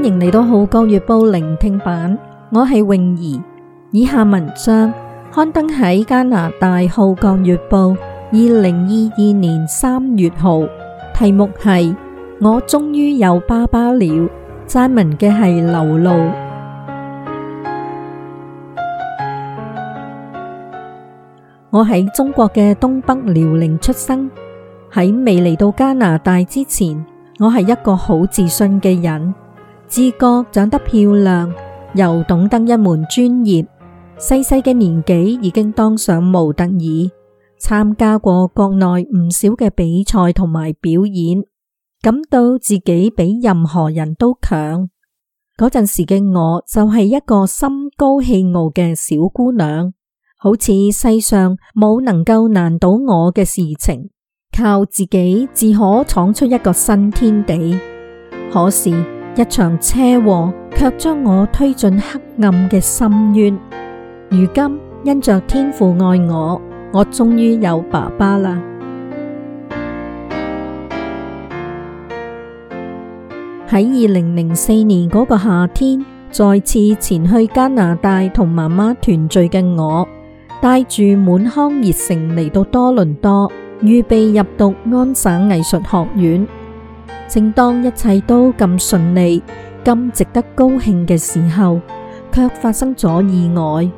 歡迎嚟到《號角月報》聆聽版，我係泳儀。以下文章刊登喺加拿大《號角月報》二零二二年三月號，題目係《我終於有爸爸了》。撰文嘅係劉露。我喺中國嘅東北遼寧出生，喺未嚟到加拿大之前，我係一個好自信嘅人。自覺長得漂亮，又懂得一門專業，細細嘅年紀已經當上模特兒，參加過國內唔少嘅比賽同埋表演，感到自己比任何人都強。嗰陣時嘅我就係一個心高氣傲嘅小姑娘，好似世上冇能夠難倒我嘅事情，靠自己自可闖出一個新天地。可是，一場車禍卻將我推進黑暗嘅深淵。如今因着天父愛我，我終於有爸爸啦。喺二零零四年嗰個夏天，再次前去加拿大同媽媽團聚嘅我，帶住滿腔熱誠嚟到多倫多，預備入讀安省藝術學院。正當一切都咁順利，咁值得高興嘅時候，卻發生咗意外。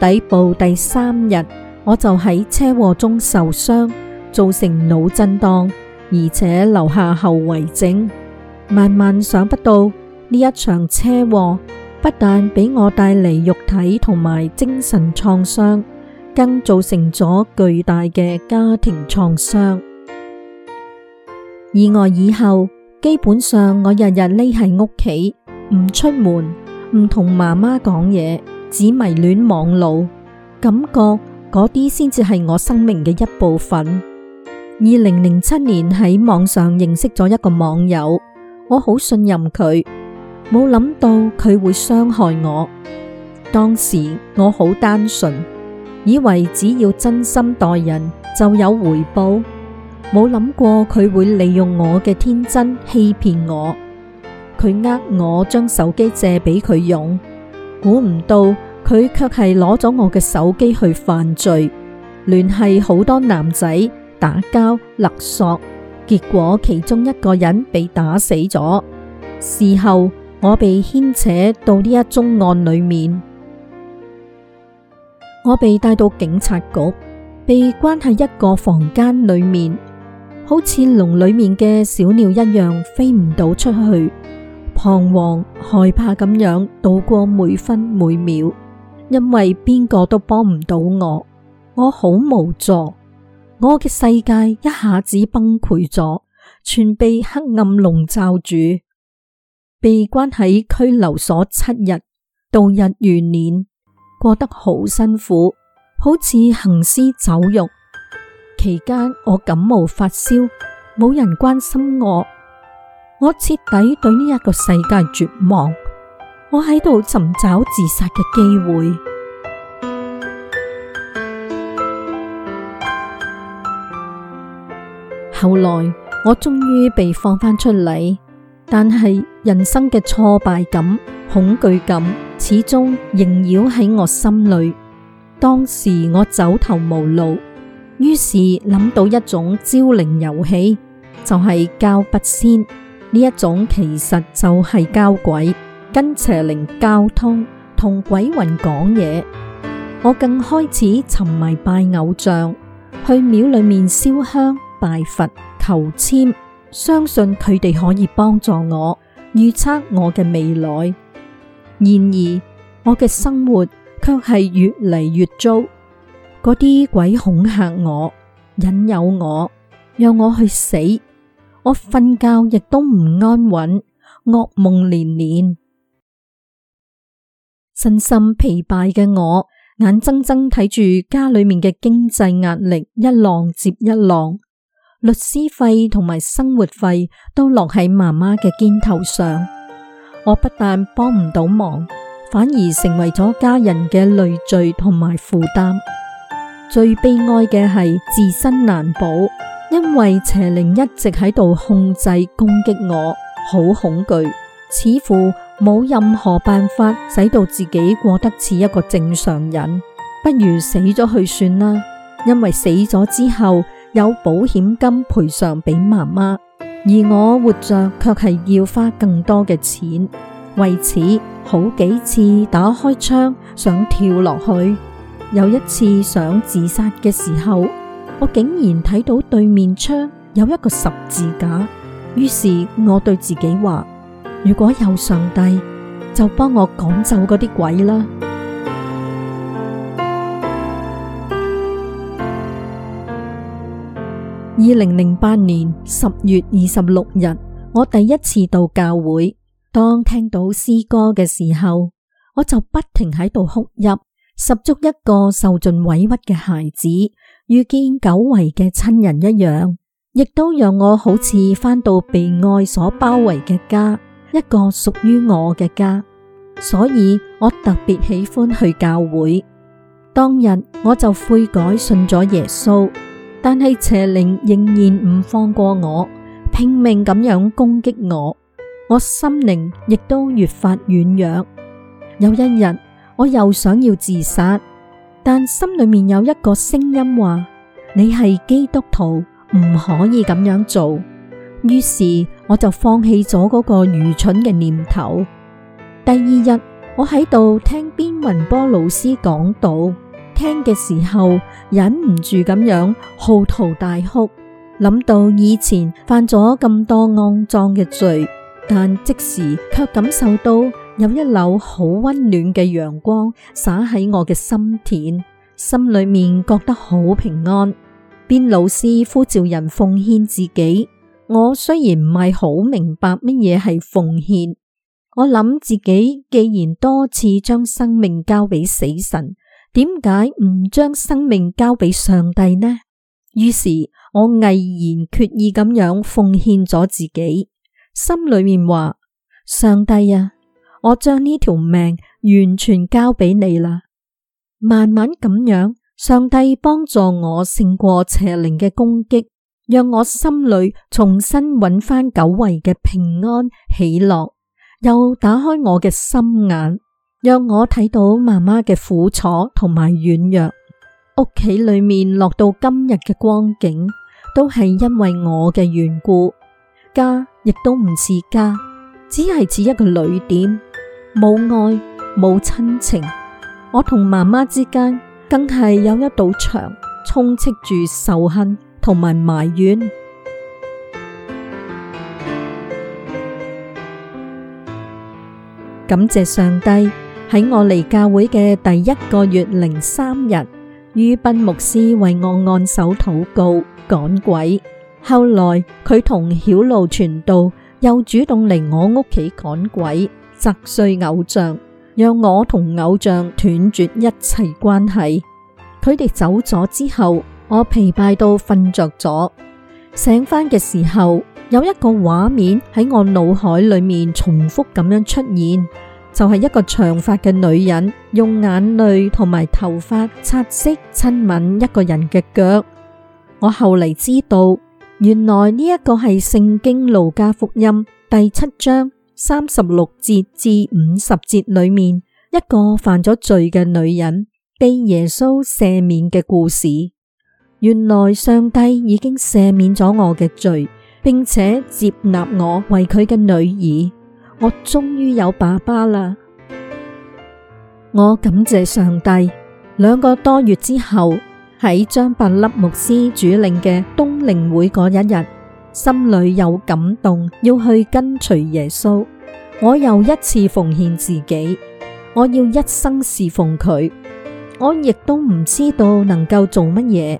抵埠第三日，我就喺車禍中受傷，造成腦震盪，而且留下後遺症。萬萬想不到，呢一場車禍不但俾我帶嚟肉體同埋精神創傷，更造成咗巨大嘅家庭創傷。意外以後，基本上我日日匿喺屋企，唔出門，唔同媽媽講嘢，只迷戀網路，感覺嗰啲先至係我生命嘅一部分。二零零七年喺網上認識咗一個網友，我好信任佢，冇諗到佢會傷害我。當時我好單純，以為只要真心待人，就有回報。冇諗過佢會利用我嘅天真欺騙我，佢呃我將手機借俾佢用，估唔到佢卻係攞咗我嘅手機去犯罪，聯繫好多男仔打交勒索，結果其中一個人被打死咗。事後我被牽扯到呢一宗案裏面，我被帶到警察局，被關喺一個房間裏面。好似籠裏面嘅小鳥一樣，飛唔到出去，彷徨害怕咁樣度過每分每秒，因為邊個都幫唔到我，我好無助，我嘅世界一下子崩潰咗，全被黑暗籠罩住，被關喺拘留所七日，度日如年，過得好辛苦，好似行屍走肉。期間我感冒發燒，冇人關心我，我徹底對呢一個世界絕望，我喺度尋找自殺嘅機會。後來我終於被放翻出嚟，但係人生嘅挫敗感、恐懼感始終縈繞喺我心裏。當時我走投無路。於是諗到一種招靈遊戲，就係教筆仙呢一種，其實就係交鬼跟邪靈交通，同鬼魂講嘢。我更開始沉迷拜偶像，去廟裏面燒香拜佛求簽，相信佢哋可以幫助我預測我嘅未來。然而，我嘅生活卻係越嚟越糟。嗰啲鬼恐嚇我，引誘我，讓我去死。我瞓覺亦都唔安穩，噩夢連連。身心疲憊嘅我，眼睜睜睇住家裏面嘅經濟壓力一浪接一浪，律師費同埋生活費都落喺媽媽嘅肩頭上。我不但幫唔到忙，反而成為咗家人嘅累贅同埋負擔。最悲哀嘅係自身難保，因為邪靈一直喺度控制攻擊我，好恐懼，似乎冇任何辦法使到自己過得似一個正常人，不如死咗去算啦，因為死咗之後有保險金賠償俾媽媽，而我活着卻係要花更多嘅錢，為此好幾次打開窗想跳落去。有一次想自殺嘅時候，我竟然睇到對面窗有一個十字架，於是我對自己話：如果有上帝，就幫我趕走嗰啲鬼啦。二零零八年十月二十六日，我第一次到教會，當聽到詩歌嘅時候，我就不停喺度哭泣。十足一個受盡委屈嘅孩子，遇見久違嘅親人一樣，亦都讓我好似返到被愛所包圍嘅家，一個屬於我嘅家。所以我特別喜歡去教會。當日我就悔改信咗耶穌，但係邪靈仍然唔放過我，拼命咁樣攻擊我，我心靈亦都越發軟弱。有一日。我又想要自殺，但心裏面有一個聲音話：你係基督徒，唔可以咁樣做。於是我就放棄咗嗰個愚蠢嘅念頭。第二日我喺度聽邊雲波老師講道聽嘅時候忍唔住咁樣號啕大哭，諗到以前犯咗咁多骯髒嘅罪，但即時卻感受到。有一縷好溫暖嘅陽光灑喺我嘅心田，心裏面覺得好平安。邊老師呼召人奉獻自己，我雖然唔係好明白乜嘢係奉獻，我諗自己既然多次將生命交俾死神，點解唔將生命交俾上帝呢？於是我毅然決意咁樣奉獻咗自己，心裏面話：上帝呀！我將呢條命完全交俾你啦，慢慢咁樣，上帝幫助我勝過邪靈嘅攻擊，讓我心裏重新揾翻久違嘅平安喜樂，又打開我嘅心眼，讓我睇到媽媽嘅苦楚同埋軟弱，屋企裏面落到今日嘅光景，都係因為我嘅緣故，家亦都唔似家，只係似一個旅店。冇愛冇親情，我同媽媽之間更係有一道牆，充斥住仇恨同埋埋怨。感謝上帝喺我嚟教會嘅第一個月零三日，于賓牧師為我按手禱告趕鬼。後來佢同曉露傳道又主動嚟我屋企趕鬼。砸碎偶像，讓我同偶像斷絕一切關係。佢哋走咗之後，我疲敗到瞓着咗。醒翻嘅時候，有一個畫面喺我腦海裏面重複咁樣出現，就係一個長髮嘅女人用眼淚同埋頭髮擦拭親吻一個人嘅腳。我後嚟知道，原來呢一個係聖經路加福音第七章。三十六節至五十節裏面，一個犯咗罪嘅女人被耶穌赦免嘅故事。原來上帝已經赦免咗我嘅罪，並且接納我為佢嘅女兒。我終於有爸爸啦！我感謝上帝。兩個多月之後，喺張伯笠牧師主領嘅冬靈會嗰一日。心裏有感動，要去跟隨耶穌。我又一次奉獻自己，我要一生侍奉佢。我亦都唔知道能夠做乜嘢，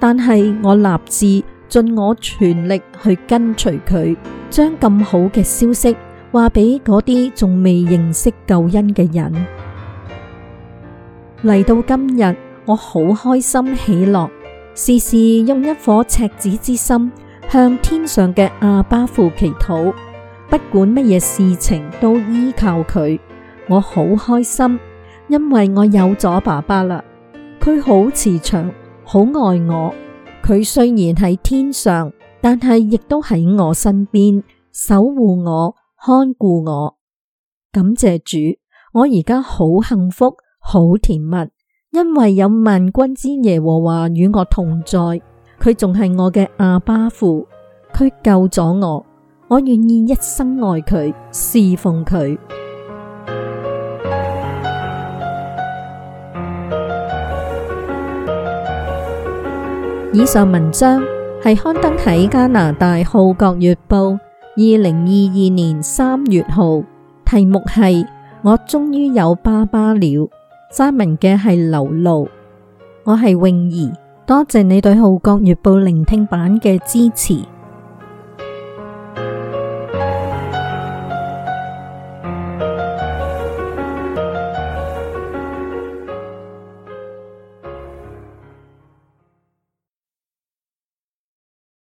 但係我立志盡我全力去跟隨佢，將咁好嘅消息話俾嗰啲仲未認識救恩嘅人。嚟到今日，我好開心喜樂，時時用一顆赤子之心，向天上嘅阿爸父祈禱，不管乜嘢事情都依靠佢。我好開心，因為我有咗爸爸啦。佢好慈祥，好愛我。佢雖然喺天上，但係亦都喺我身邊守護我、看顧我。感謝主，我而家好幸福、好甜蜜，因為有萬軍之耶和華與我同在。佢仲係我嘅阿爸父，佢救咗我，我願意一生愛佢、侍奉佢。以上文章係刊登喺加拿大《號角月報》二零二二年三月號，題目係《我終於有爸爸了》，撰文嘅係劉露，我係泳儀。多謝你對《號角月報》聆聽版嘅支持。